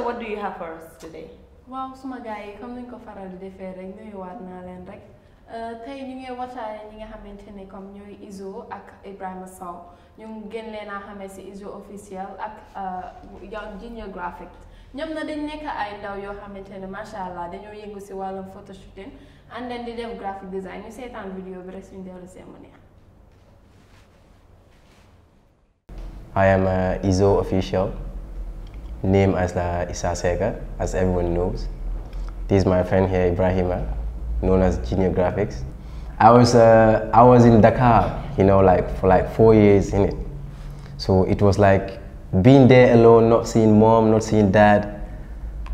Aisha, what do you have for us today? Wow, suma gars yi comme ko faral di defee rek nuyuwaat naa leen rek tey ñu ngi waxtaane ñi nga xamante comme ñooy Izo ak Ibrahima Sow ñu gën leen a xamee si Izo officiel ak uh, yow Junior Graphic ñoom na dañ nekk ay ndaw yoo xamante ne macha allah dañoo yëngu si wàllum photoshooting and then di def graphic design ñu seetaan vidéo bi rek suñu dellu see mu neex. I am uh, Izo official name as La Isa Sega, as everyone knows. This is my friend here, Ibrahima, known as Junior Graphics. I was, uh, I was in Dakar, you know, like for like four years in it. So it was like being there alone, not seeing mom, not seeing dad,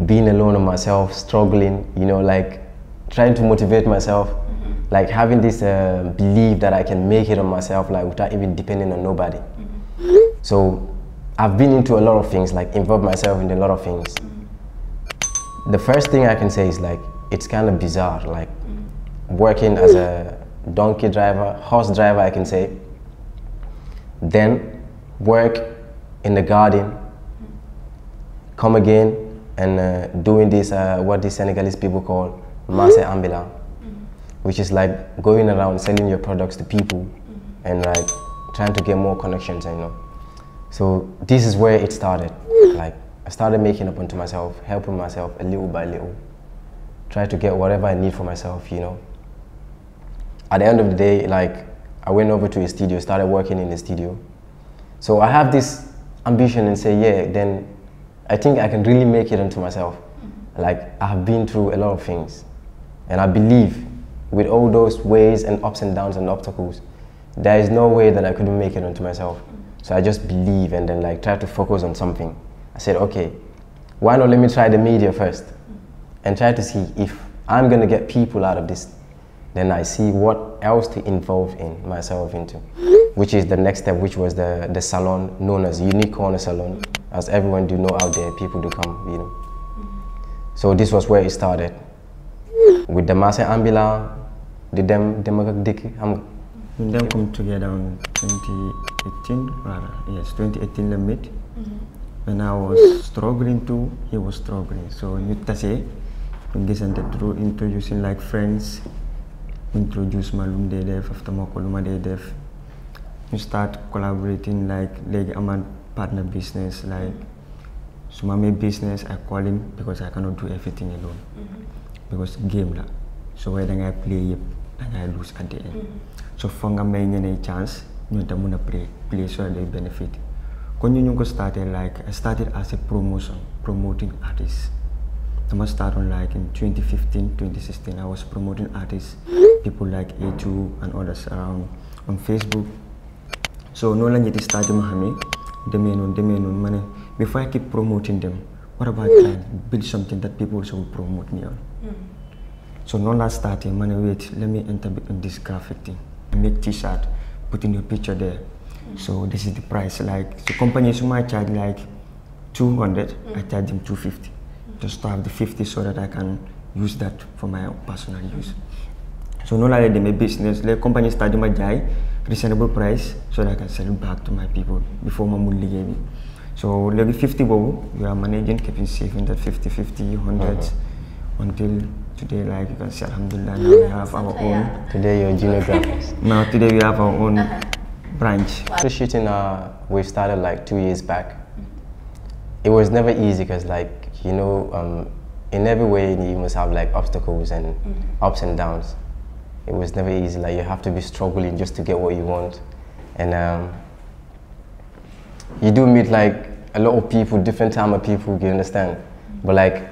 being alone on myself, struggling, you know, like trying to motivate myself, mm -hmm. like having this uh, belief that I can make it on myself, like without even depending on nobody. Mm -hmm. So I've been into a lot of things, like involved myself in a lot of things. The first thing I can say is like, it's kind of bizarre, like working as a donkey driver, horse driver, I can say. Then work in the garden, come again and uh, doing this, uh, what the Senegalese people call masse ambila, which is like going around selling your products to people and like trying to get more connections, You know. So this is where it started. Like I started making up unto myself, helping myself a little by little. Try to get whatever I need for myself, you know. At the end of the day, like I went over to a studio, started working in a studio. So I have this ambition and say, yeah, then I think I can really make it unto myself. Like I have been through a lot of things. And I believe with all those ways and ups and downs and obstacles, there is no way that I couldn't make it unto myself. So I just believe and then like try to focus on something. I said, okay, why not let me try the media first and try to see if I'm gonna get people out of this. Then I see what else to involve in myself into, which is the next step, which was the, the salon known as Unique Corner Salon. As everyone do know out there, people do come, you know. So this was where it started. With the Masa Ambila, the dem, dem, we then come together in 2018, rather, yes, 2018 the meet. Mm-hmm. When I was struggling too, he was struggling. So ñu tase ñu gisante through introducing like friends, introduce malum lu after ma ko lu start collaborating like I'm a partner business like so ma business I call him because I cannot do everything alone. Mm-hmm. because game la so when I play yëpp I lose at the end. Mm-hmm so fanga may ñene chance ñu ta mëna play play so they benefit kon ñu ñu ko started like I started as a promotion promoting artists I started on like in 2015 2016 I was promoting artists people like A2 and others around on Facebook so no lang ñi start ma xamé demé non demé non mané before I keep promoting them what about trying to build something that people also will promote me on mm. so no la started money wait let me enter in this graphic thing make t-shirt, putting your picture there. Mm. So this is the price. Like the company my charge like 200, mm. I charge them 250. Just to have the 50 so that I can use that for my personal mm. use. So not only a business, the company started my guy reasonable price so that I can sell it back to my people before my money gave me. So like 50 bob, we are managing, keeping safe in that 50, 50, 100 uh-huh. until Today, like you can see, Alhamdulillah, now we have our own. Today, you're geographers. now, today, we have our own uh-huh. branch. Appreciating, shooting uh, we started like two years back. It was never easy because, like, you know, um, in every way, you must have like obstacles and mm -hmm. ups and downs. It was never easy. Like, you have to be struggling just to get what you want. And um, you do meet like a lot of people, different type of people, you understand? But like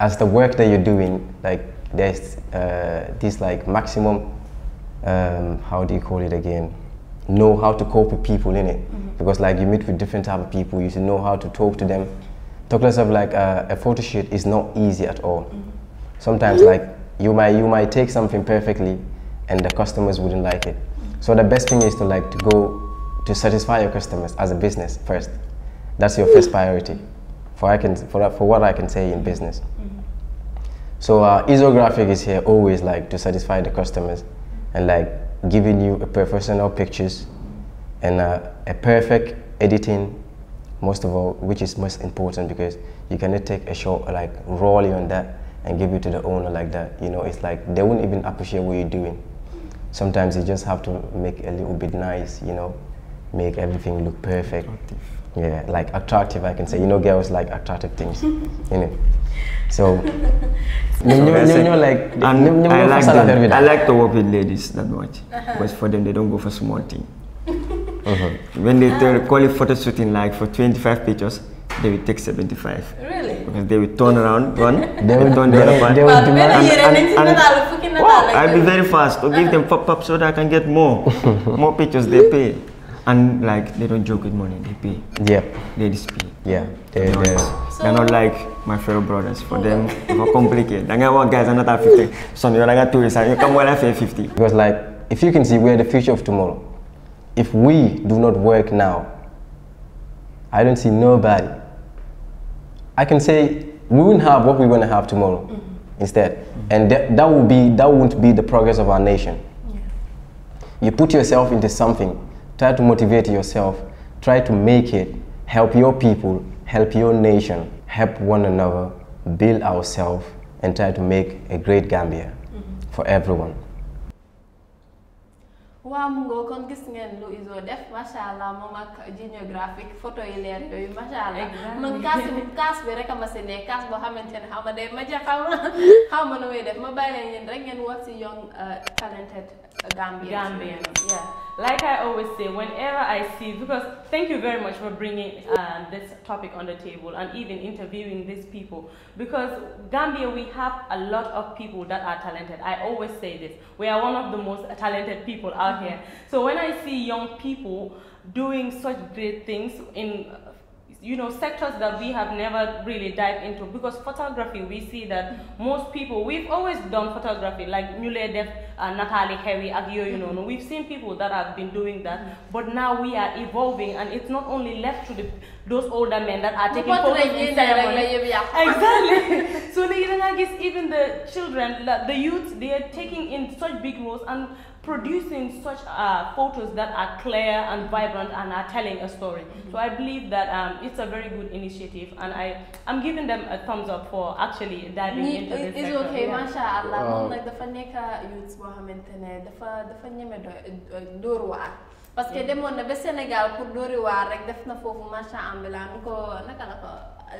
as the work that you're doing, like there's uh, this like maximum, um, how do you call it again? Know how to cope with people in it, mm -hmm. because like you meet with different type of people, you should know how to talk to them. Talk to of like uh, a photo shoot is not easy at all. Mm -hmm. Sometimes like you might you might take something perfectly, and the customers wouldn't like it. So the best thing is to like to go to satisfy your customers as a business first. That's your first priority. For I can for, for what I can say in business. So our uh, isographic is here always like to satisfy the customers and like giving you a professional pictures and uh, a perfect editing most of all which is most important because you cannot take a shot like rawly on that and give it to the owner like that you know it's like they won't even appreciate what you're doing sometimes you just have to make a little bit nice you know make everything look perfect attractive. yeah like attractive i can say you know girls like attractive things you know so I, like I like to work with ladies that uh-huh. much because for them they don't go for small thing. Uh-huh. When they ah. tell, call it photo shooting like for 25 pictures, they will take 75. Really? Because they will turn around, run, they will turn the other one. They will and, and, and, and, wow, I'll be uh-huh. very fast to give them pop up so that I can get more. more pictures they pay. And like, they don't joke with money, they pay. Yeah. Ladies pay. Yeah. They, they're, they're, they're not like, my fellow brothers. For them, for complicated. I got guys, another 50. Some you're like a tourist, you come well 50. Because like, if you can see, we are the future of tomorrow. If we do not work now, I don't see nobody. I can say we will not have what we going to have tomorrow mm -hmm. instead. Mm -hmm. And that, that will be, that won't be the progress of our nation. Yeah. You put yourself into something, try to motivate yourself, try to make it, help your people, help your nation. help one another, build ourselves, and to make a great Gambia mm-hmm. for everyone. waaw mu ngoo kon gis ngeen lu iso def macha allah moom ak géographique photo yi leer yooyu allah man kaas bi kaas bi rek a ma si ne kaas boo xamante ne xaw ma day ma ja xaw ma xaw ma nu muy def ma bàyyi leen rek ngeen si young uh, talented Gambian. Gambian yeah like I always say whenever I see because. thank you very much for bringing uh, this topic on the table and even interviewing these people because Gambia, we have a lot of people that are talented. I always say this we are one of the most talented people out mm -hmm. here. So when I see young people doing such great things in you know sectors that we have never really dived into because photography we see that most people we've always done photography like Nule Def, uh, Natalie Harry, Agio, you know mm-hmm. we've seen people that have been doing that mm-hmm. but now we are evolving and it's not only left to the those older men that are taking photos in exactly so even the children the youth they are taking in such big roles and producing such uh, photos that are clear and vibrant and are telling a story. Mm-hmm. So I believe that um, it's a very good initiative, and I I'm giving them a thumbs up for actually diving Ni, into this. It's okay, yeah. masha Allah. Uh, like the faneka youths were dafa dafa ñëmé parce que mm. demoon na ba Sénégal pour Dóori rek def na foofu marchand ambulant nu ko naka la ko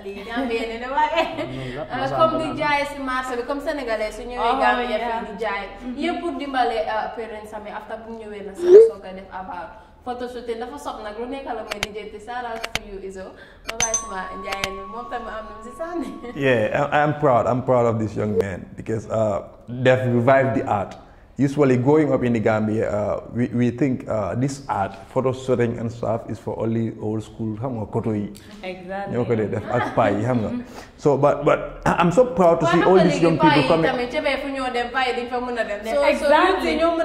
lii Gambie ne ne waaye mm, comme di jaay si marché bi comme sénégalais su ñëwee oh, Gambie fi di jaay mm-hmm. yëpp pour dimbale euh, parents sami after bu ñëwee na sax soo def abaab photoshoot dafa sob nag lu nekk la may di jënd shout out to you Izo ma bàyyi sama njaayeen bi moom tamit am na si sànni yeah I'm proud I'm proud of this young man because uh, def revive usually going up in the Gambia, uh, we, we think uh, this art, photo shooting and stuff, is for only old school. Exactly. Okay, so, but but I'm so proud to see all these young people coming. So, exactly. So,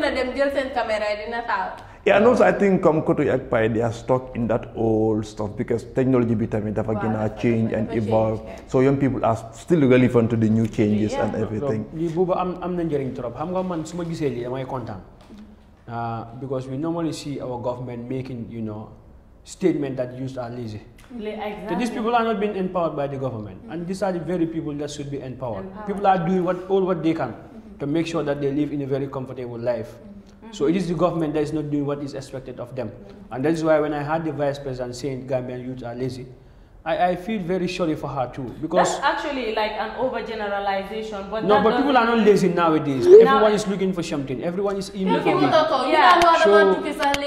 Yeah, and also I think comme côté they are stuck in that old stuff because technology bi tamit dafa gën a change and evolve so young people are still relevant to the new changes and everything. i am am uh, because we normally see our government making you know statement that used are lazy. Exactly. So these people are not being empowered by the government, and these are the very people that should be empowered. empowered. People are doing what all what they can to make sure that they live in a very comfortable life. So it is the government that is not doing what is expected of them. And that's why when I heard the vice president saying Gambian youth are lazy, I, I feel very sorry for her too because that's actually like an overgeneralization. But no, but people are not lazy nowadays. Now, everyone is looking for something. Everyone is aiming for it. Yeah. So, I,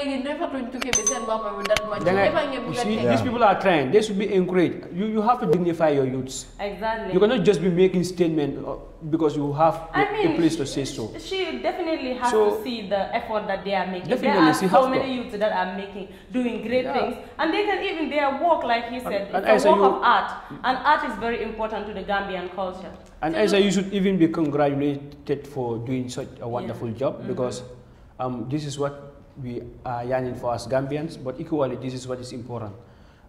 yeah. these people are trying. They should be encouraged. You you have to dignify your youths. Exactly. You cannot just be making statement. Uh, because you have mean, a place to say so. She definitely has so, to see the effort that they are making. Definitely, there are she so many to. youths that are making, doing great yeah. things, and they can even their work, like he said, and, and it's a work you, of art, and art is very important to the Gambian culture. And as Isa, you should even be congratulated for doing such a wonderful yeah. job mm -hmm. because um, this is what we are yearning for as Gambians, but equally, this is what is important.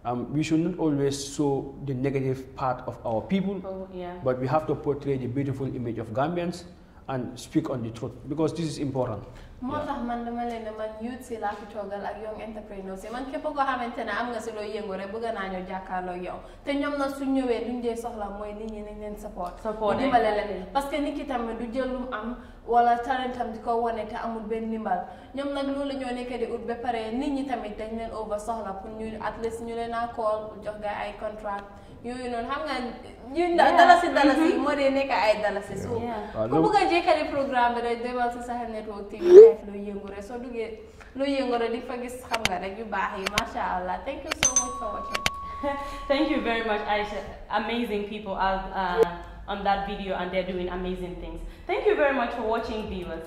Um, we should not always show the negative part of our people, oh, yeah. but we have to portray the beautiful image of Gambians and speak on the truth because this is important. moo tax man dama leen ne man youth si laa fi toogal ak young entrepreneurs yi man képp koo xamante ne am nga si looy yëngu rek bëgg naa ñoo jàkkaarloo yow te ñoom nag su ñëwee duñ dee soxla mooy nit ñi nañ leen support. support eh. dimbale leen parce que nit ki tamit du jël lu mu am wala talentam di ko wane te amul benn ndimbal ñoom nag loolu ñoo ba pare nit ñi tamit dañ leen over soxla pour ñu at least ñu leen a call jox nga ay contract yooyu noonu xam nga ñun dalasi dalasi mm-hmm. moo dee nekk ay dalasi. waaw ku bëgg a jékkali programme bi rek demal si Sahel Network TV def di fa gis xam nga rek yu yi allah thank you so much for watching. thank you very much Aisha amazing people are uh, on that video and they're doing amazing things thank you very much for watching viewers.